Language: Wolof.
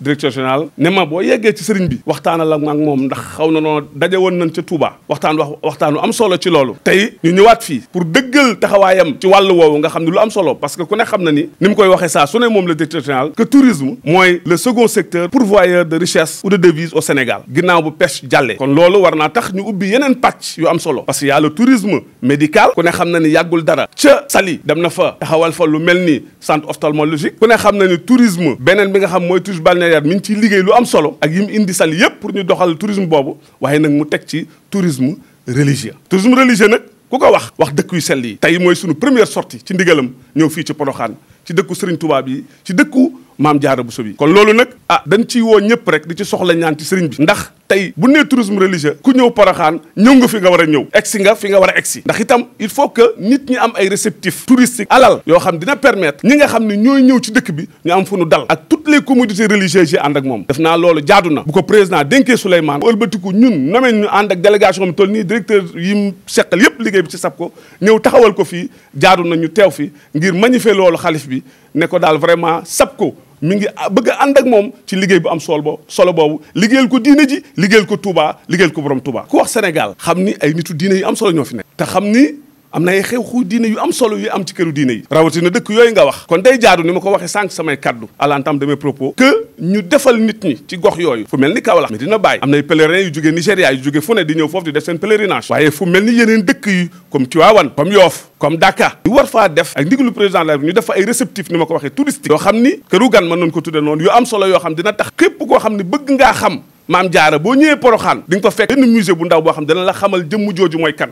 directeur général ne ma boo yeggee ci sëriñ bi waxtaanal ak mom ndax xawna na dajé won nañ ci Touba waxtaan wax waxtaanu am solo ci lolu tay ñu ñëwaat fi pour dëggal taxawayam ci walu wowo nga xamni lu am solo parce que ku ne xam ni nim koy waxé ça suné mom le directeur général que tourisme moy le second secteur pourvoyeur de richesse ou de devise au Sénégal ginnaw bu pêche jallé kon lolu warna tax ñu ubbi yenen patch yu am solo parce que y a le tourisme médical ku ne xam ni yagul dara ci sali dem na fa taxawal fa lu melni centre ophtalmologique ku ne xam ni tourisme benen bi nga xam moy touche balnéaire partenariat mi ngi ciy liggéey lu am solo ak yi mu indi sal yëpp pour ñu doxal tourisme boobu waaye nag mu teg ci tourisme religieux tourisme religieux nag ku ko wax wax dëkk yu sell yi tey mooy sunu première sortie ci ndigalam ñëw fii ci Porokhane ci dëkku Serigne Touba bi ci dëkku Maam Jaara Buso bi kon loolu nag ah dañ ciy woo ñëpp rek di ci soxla ñaan ci Serigne bi ndax tey bu nee tourisme religieux ku ñëw Porokhane ñëw nga fi nga war a ñëw egsi nga fi nga war a egsi ndax itam il faut que nit ñi am ay réceptifs touristiques alal yoo xam dina permettre ñi nga xam ni ñooy ñëw ci dëkk bi ñu am fu nu dal ak tout les communautés religieuses yi ànd ak moom def naa loolu jaadu na bu ko président dénkee Souleymane ëlbatiku ñun nomee ñu ànd ak délégation bi toll nii directeur yi mu seqal yëpp liggéey bi ci sab ko ñëw taxawal ko fii jaadu na teew fi ngir magnifier loolu xalif bi ne ko daal vraiment ko mi ngi bëgg a ànd ak moom ci liggéey bu am sol bo solo boobu liggéeyal ko diine ji liggéeyal ko Touba liggéeyal ko borom Touba ku wax Sénégal xam ni ay nitu diine yi am solo ñoo fi nekk te xam ni am na ay xew xuy diine yu am solo yu am ci këru diine yi rawatina dëkk yooyu nga wax kon day jaadu ni ma ko waxee sànq samay kaddu à l'entame de mes propos que ñu defal nit ñi ci gox yooyu fu mel ni Kaolack mais dina bàyyi am nay pèlerins yu jógee Nigéria yu jógee fu ne di ñëw foofu di def seen pèlerinage waaye fu mel ni yeneen dëkk yi comme Tivaouane comme Yoff comme Dakar ñu war faa def ak ndigalu président la ñu def fa ay réceptif ni ma ko waxee touristique yoo xam ni këru gan mën nañu ko tudde noonu yu am solo yoo xam dina tax képp koo xam ne bëgg ngaa xam maam jaara boo ñëwee poroxaan di nga ko fekk benn musée bu ndaw boo xam dana la xamal jëmm jooju mooy kan